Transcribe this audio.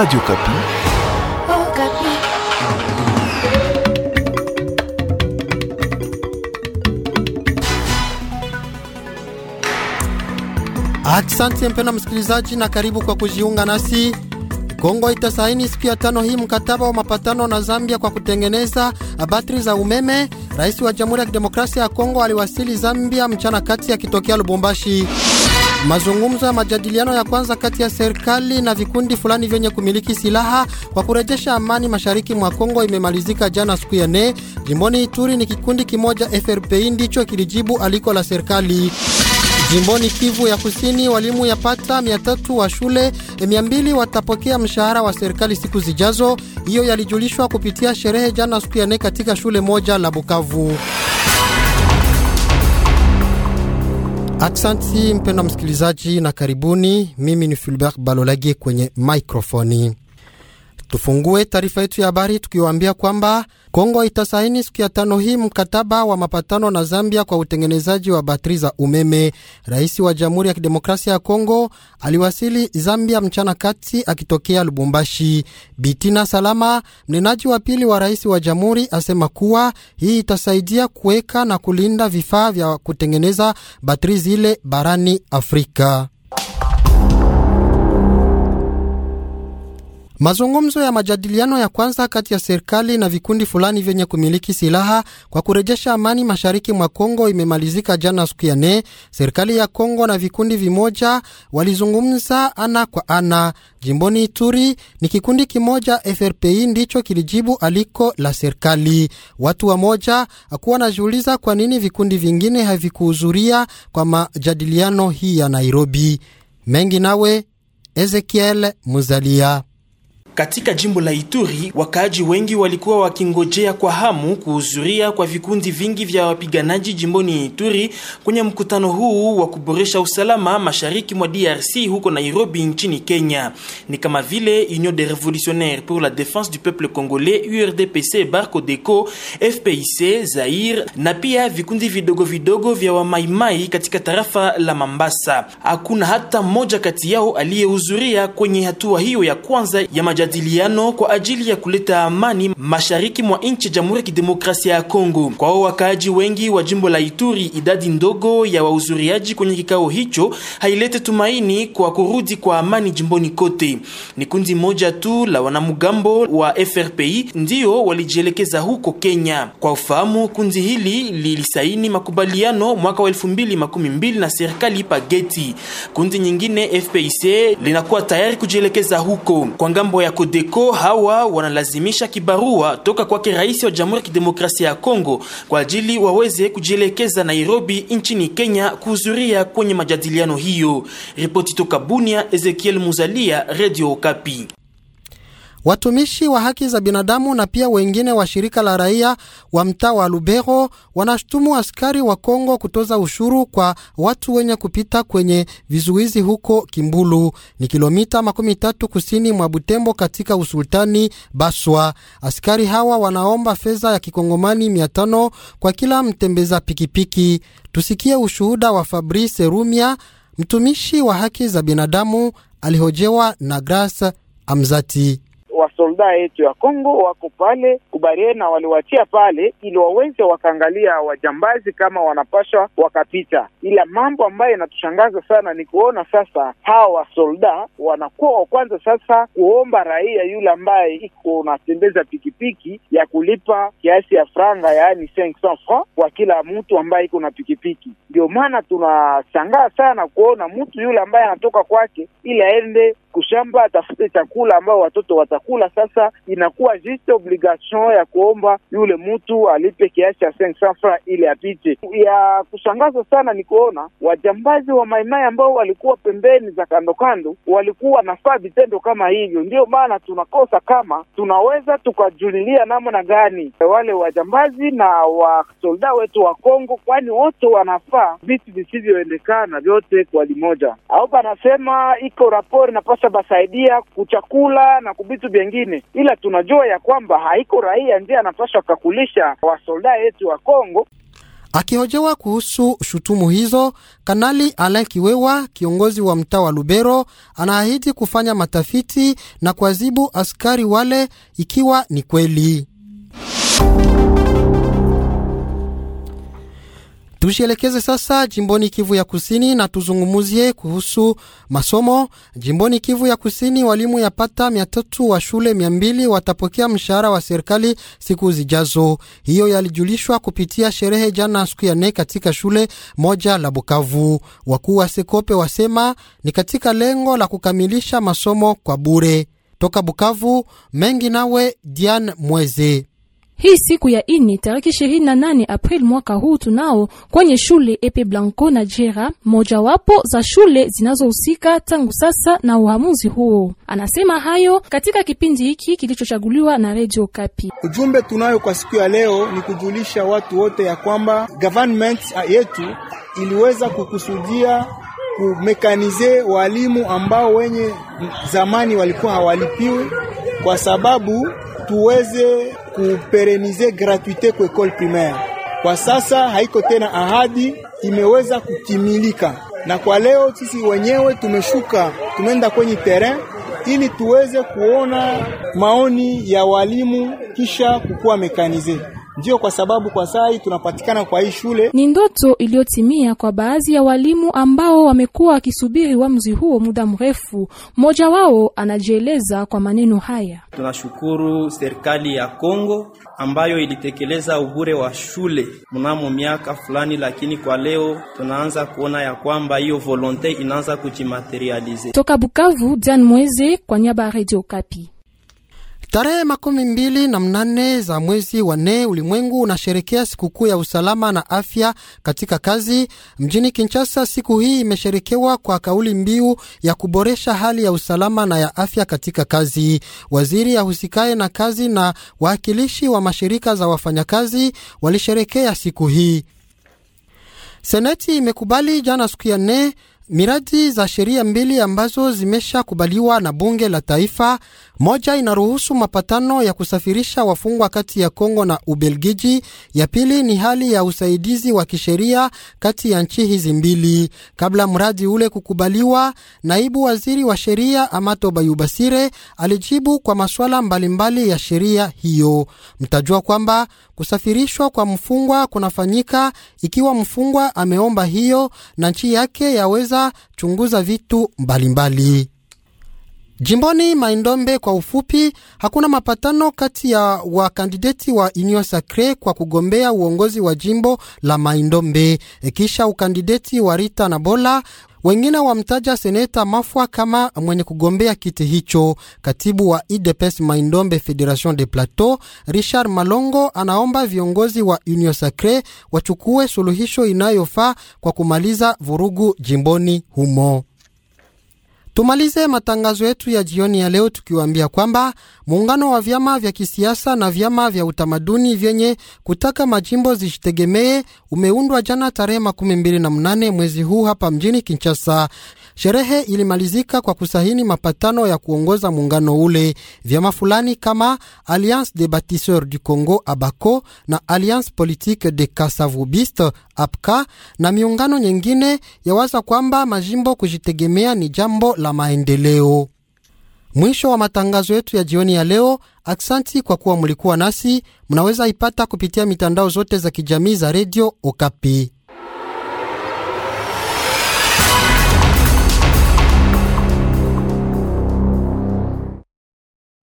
Radio Kapi. Oh, Kapi. Asante msikilizaji na karibu kwa kujiunga nasi. Kongo itasaini siku ya tano hii mkataba wa mapatano na Zambia kwa kutengeneza batri za umeme. Rais wa Jamhuri ya Kidemokrasia ya Kongo aliwasili Zambia mchana kati akitokea Lubumbashi. Mazungumzo ya majadiliano ya kwanza kati ya serikali na vikundi fulani vyenye kumiliki silaha kwa kurejesha amani mashariki mwa Kongo imemalizika jana siku ya nne jimboni Ituri. Ni kikundi kimoja FRPI ndicho kilijibu aliko la serikali. Jimboni Kivu ya Kusini, walimu ya pata 300 wa shule 200 watapokea mshahara wa serikali siku zijazo. Hiyo yalijulishwa kupitia sherehe jana siku ya nne katika shule moja la Bukavu. Aksanti mpendwa msikilizaji, na karibuni. Mimi ni Fulbert Balolage kwenye maikrofoni. Tufungue taarifa yetu ya habari tukiwaambia kwamba Kongo itasaini siku ya tano hii mkataba wa mapatano na Zambia kwa utengenezaji wa batri za umeme. Rais wa Jamhuri ya Kidemokrasia ya Kongo aliwasili Zambia mchana kati akitokea Lubumbashi. Bitina Salama, mnenaji wa pili wa rais wa jamhuri, asema kuwa hii itasaidia kuweka na kulinda vifaa vya kutengeneza batri zile barani Afrika. Mazungumzo ya majadiliano ya kwanza kati ya serikali na vikundi fulani vyenye kumiliki silaha kwa kurejesha amani mashariki mwa Kongo imemalizika jana siku ya nne. Serikali ya Kongo na vikundi vimoja walizungumza ana kwa ana. Jimboni Ituri ni kikundi kimoja FRPI ndicho kilijibu aliko la serikali. Watu wamoja akuwa najiuliza kwa nini vikundi vingine havikuhudhuria kwa majadiliano hii ya Nairobi. Mengi nawe Ezekiel Muzalia. Katika jimbo la Ituri, wakaaji wengi walikuwa wakingojea kwa hamu kuhudhuria kwa vikundi vingi vya wapiganaji jimboni Ituri kwenye mkutano huu wa kuboresha usalama mashariki mwa DRC huko Nairobi nchini Kenya. Ni kama vile Union des Revolutionnaires pour la Défense du Peuple Congolais URDPC, barco deco FPIC, Zaire na pia vikundi vidogo vidogo vya wamaimai katika tarafa la Mambasa. Hakuna hata mmoja kati yao aliyehudhuria kwenye hatua hiyo ya kwanza ya maja majadiliano kwa ajili ya kuleta amani mashariki mwa nchi Jamhuri ya Kidemokrasia ya Kongo. Kwao wakaaji wengi wa jimbo la Ituri, idadi ndogo ya wahudhuriaji kwenye kikao hicho hailete tumaini kwa kurudi kwa amani jimboni kote. Ni kundi moja tu la wanamgambo wa FRPI ndio walijielekeza huko Kenya. Kwa ufahamu, kundi hili lilisaini makubaliano mwaka wa mbili na serikali Pageti. Kundi nyingine FPIC linakuwa tayari kujielekeza huko kwa ngambo ya Kodeko hawa wanalazimisha kibarua toka kwake rais wa Jamhuri ya Kidemokrasia ya Kongo kwa ajili waweze kujielekeza Nairobi nchini Kenya kuhudhuria kwenye majadiliano hiyo. Ripoti toka Bunia, Ezekiel Muzalia, Radio Okapi. Watumishi wa haki za binadamu na pia wengine wa shirika la raia wa mtaa wa Lubero wanashutumu askari wa Kongo kutoza ushuru kwa watu wenye kupita kwenye vizuizi huko Kimbulu, ni kilomita makumi tatu kusini mwa Butembo katika usultani Baswa. Askari hawa wanaomba fedha ya kikongomani mia tano kwa kila mtembeza pikipiki. Tusikie ushuhuda wa Fabrice Rumia, mtumishi wa haki za binadamu alihojewa na Grace Amzati wasolda yetu ya Kongo wako pale kubariere na waliwatia pale ili waweze wakaangalia wajambazi kama wanapashwa wakapita. Ila mambo ambayo inatushangaza sana ni kuona sasa hawa wasolda wanakuwa wa kwanza sasa kuomba raia yule ambaye iko unatembeza pikipiki ya kulipa kiasi ya franga, yaani 500 francs kwa kila mtu ambaye iko na pikipiki. Ndio maana tunashangaa sana kuona mtu yule ambaye anatoka kwake ili aende kushamba atafute chakula ambao watoto watakula. Sasa inakuwa juste obligation ya kuomba yule mtu alipe kiasi cha 500 francs ili apite. Ya kushangaza sana ni kuona wajambazi wa maimai ambao walikuwa pembeni za kando kando walikuwa nafaa vitendo kama hivyo. Ndiyo maana tunakosa kama tunaweza tukajulilia namna gani wale wajambazi na wasolda wetu wa Kongo, kwani wote wanafaa vitu visivyoendekana vyote kwa limoja, au banasema iko rapori napasa basaidia kuchakula na kubitu vyengine, ila tunajua ya kwamba haiko raia ndiye anapaswa kakulisha wasolda yetu wa Kongo. Akihojewa kuhusu shutumu hizo, Kanali Alain Kiwewa, kiongozi wa mtaa wa Lubero, anaahidi kufanya matafiti na kuadhibu askari wale ikiwa ni kweli. Tujielekeze sasa jimboni Kivu ya Kusini na tuzungumuzie kuhusu masomo jimboni Kivu ya Kusini. Walimu ya pata mia tatu wa shule mia mbili watapokea mshahara wa serikali siku zijazo. Hiyo yalijulishwa kupitia sherehe jana siku ya nne katika shule moja la Bukavu. Wakuu wa Sekope wasema ni katika lengo la kukamilisha masomo kwa bure. Toka Bukavu mengi nawe Dian Mweze. Hii siku ya ini tariki 28 April mwaka huu tunao kwenye shule Epe Blanco na Jera, mojawapo za shule zinazohusika tangu sasa na uamuzi huo. Anasema hayo katika kipindi hiki kilichochaguliwa na Radio Kapi. Ujumbe tunayo kwa siku ya leo ni kujulisha watu wote ya kwamba government ah, yetu iliweza kukusudia kumekanize walimu ambao wenye zamani walikuwa hawalipiwi kwa sababu tuweze kuperenize gratuite kwa ekole primaire. Kwa sasa haiko tena ahadi, imeweza kutimilika, na kwa leo sisi wenyewe tumeshuka, tumeenda kwenye terrain ili tuweze kuona maoni ya walimu kisha kukuwa mekanize Ndiyo, kwa sababu kwa saa hii tunapatikana kwa hii shule. Ni ndoto iliyotimia kwa baadhi ya walimu ambao wamekuwa wakisubiri uamuzi huo muda mrefu. Mmoja wao anajieleza kwa maneno haya: tunashukuru serikali ya Kongo ambayo ilitekeleza ubure wa shule mnamo miaka fulani, lakini kwa leo tunaanza kuona ya kwamba hiyo volonte inaanza kujimaterialize. Toka Bukavu, Dan Mweze kwa niaba ya Radio Kapi. Tarehe makumi mbili na mnane za mwezi wa nne ulimwengu unasherekea sikukuu ya usalama na afya katika kazi mjini Kinshasa. Siku hii imesherekewa kwa kauli mbiu ya kuboresha hali ya usalama na ya afya katika kazi. Waziri ya na kazi na waakilishi wa mashirika za wafanyakazi walisherekea siku hii. Seneti imekubali jana siku ya nne miradi za sheria mbili ambazo zimeshakubaliwa na bunge la taifa moja inaruhusu mapatano ya kusafirisha wafungwa kati ya Kongo na Ubelgiji. Ya pili ni hali ya usaidizi wa kisheria kati ya nchi hizi mbili. Kabla mradi ule kukubaliwa, naibu waziri wa sheria Amato Bayubasire alijibu kwa masuala mbalimbali ya sheria hiyo. Mtajua kwamba kusafirishwa kwa mfungwa kunafanyika ikiwa mfungwa ameomba hiyo na nchi yake yaweza chunguza vitu mbalimbali mbali. Jimboni Maindombe kwa ufupi, hakuna mapatano kati ya wakandideti wa Union Sacre kwa kugombea uongozi wa jimbo la Maindombe kisha ukandideti wa Rita na Bola wengine wamtaja seneta Mafwa kama mwenye kugombea kiti hicho. Katibu wa IDPS Maindombe Federation de Plateau Richard Malongo anaomba viongozi wa Union Sacre wachukue suluhisho inayofaa kwa kumaliza vurugu jimboni humo. Tumalize matangazo yetu ya jioni ya leo tukiwaambia kwamba muungano wa vyama vya kisiasa na vyama vya utamaduni vyenye kutaka majimbo zijitegemee umeundwa jana tarehe makumi mbili na mnane mwezi huu hapa mjini Kinshasa. Sherehe ilimalizika kwa kusahini mapatano ya kuongoza muungano ule. Vyama fulani kama Alliance des Batisseurs du Congo ABACO na Alliance Politique de Kasavubist APCA na miungano nyingine yawaza kwamba majimbo kujitegemea ni jambo la la maendeleo. Mwisho wa matangazo yetu ya jioni ya leo. Aksanti kwa kuwa mulikuwa nasi. Mnaweza ipata kupitia mitandao zote za kijamii za redio Okapi.